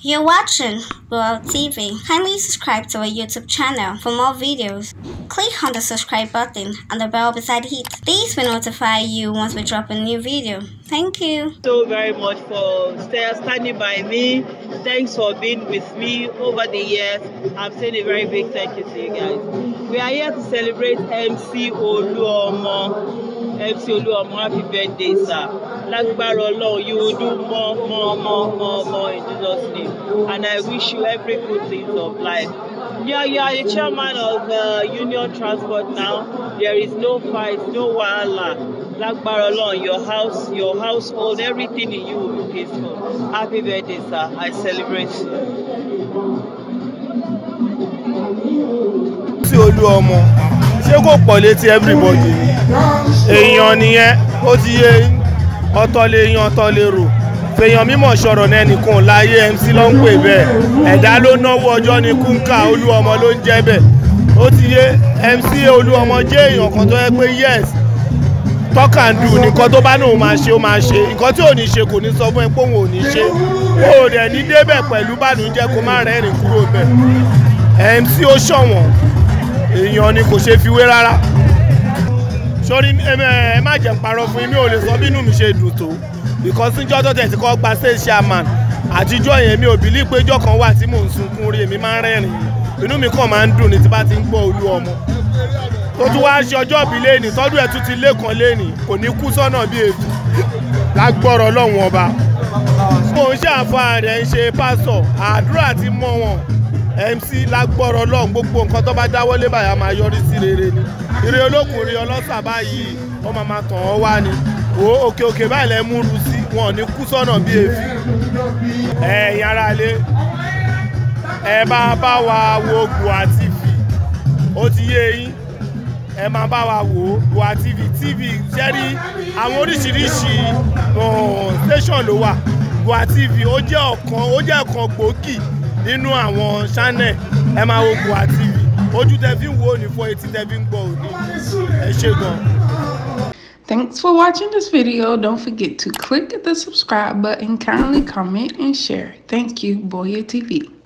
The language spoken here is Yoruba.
You're watching Blue TV. Kindly subscribe to our YouTube channel for more videos. Click on the subscribe button and the bell beside it. These will notify you once we drop a new video. Thank you. So very much for standing by me. Thanks for being with me over the years. I'm saying a very big thank you to you guys. We are here to celebrate MC Oluomo. MC Oluomo, happy birthday, sir. lágbára ọlọ́run you will do more more more more more in Jesus name and I wish you every good things of life. Yeah, yeah, the chairman of uh, Union Transport now. There is no fight, no wahala. Lágbára ọlọ́run, your house, your household, everything in you will be peaceful. Happy birthday, sir. I celebrate you. sí olú ọmọ ṣé kò pọ̀ létí everybody èèyàn nìyẹn ó ti yé ọ̀tọ̀ lè yan ọ̀tọ̀ lè rò fèèyàn mímọ̀ sọ̀rọ̀ náà nìkan láyé MC ló ń pè bẹ́ẹ̀ ẹ̀dá ló náwó ọjọ́ ní kúńkà olúọmọ ló ń jẹ́ bẹ́ẹ̀ ó ti yé MC olúọmọ jẹ́ èèyàn kan tó yẹ pé yes talk and do nìkan tó bá náà máa ṣe ó máa ṣe nǹkan tí ò ní ṣe kò ní sọ fún ẹ pé òun ò ní ṣe ó rẹ̀ ní débẹ̀ pẹ̀lú bànújẹ́ kó má rẹ́rìn kúrò bẹ́ẹ̀ MC ó ṣọ̀wọ́n èèyàn ni kò ṣe fi wé rárá sórí ẹ má jẹ́ parọ́ fún yín mi ò lè sọ bínú mi ṣe dùn tó because níjọ́ tó tẹ̀sí kọ́ gba state chairman àtijọ́ yẹn mi ò bìlí pé ìjọ́ kan wà tí mò ń sunkún orí èmi máa ń rẹ́rìn inú mi kàn máa ń dùn ní tí bá ti ń gbọ́ olú ọmọ tó tún wá ṣe ọjọ́ ìbí lẹ́nìí tọ́dún ẹ̀ tún ti lé lẹ́nìí kò ní kú sọ́nà bí èbí lágbọ́rọ̀ ọlọ́run ọba. mo ń ṣàǹfààní ẹ̀ ń ṣe pásọ̀ àdúrà ti mọ́ wọn MC lágbọ́rọ̀ lọ́hùn gbogbo nǹkan tó bá dáwọ́lé báyà máa yọrí sí rere ni ire olókùn ire ọlọ́sà báyìí wọ́n máa máa tàn ọ́ wá ni wo òkè òkè báyìí lẹ́ múru sí wọn ò ní kú sọ́nà bí èéfì ẹ̀yin ara lé ẹ bá bá wa wo Gboah TV ó ti yé yín ẹ máa bá wa wò ó Gboah TV TV jẹ́rí àwọn oríṣiríṣi station ló wà Gboah TV ó jẹ́ ọ̀kan ó jẹ́ ọ̀kan gbòógì nínú àwọn channel ẹ máa wo Gboah ojú tẹ fi ń wo òní fọ etí tẹ fi ń gbọ́ òní ẹ ṣé gan. Thanks for watching this video. Don't forget to click the subscribe button, kindly comment, and share. Thank you, Boya TV.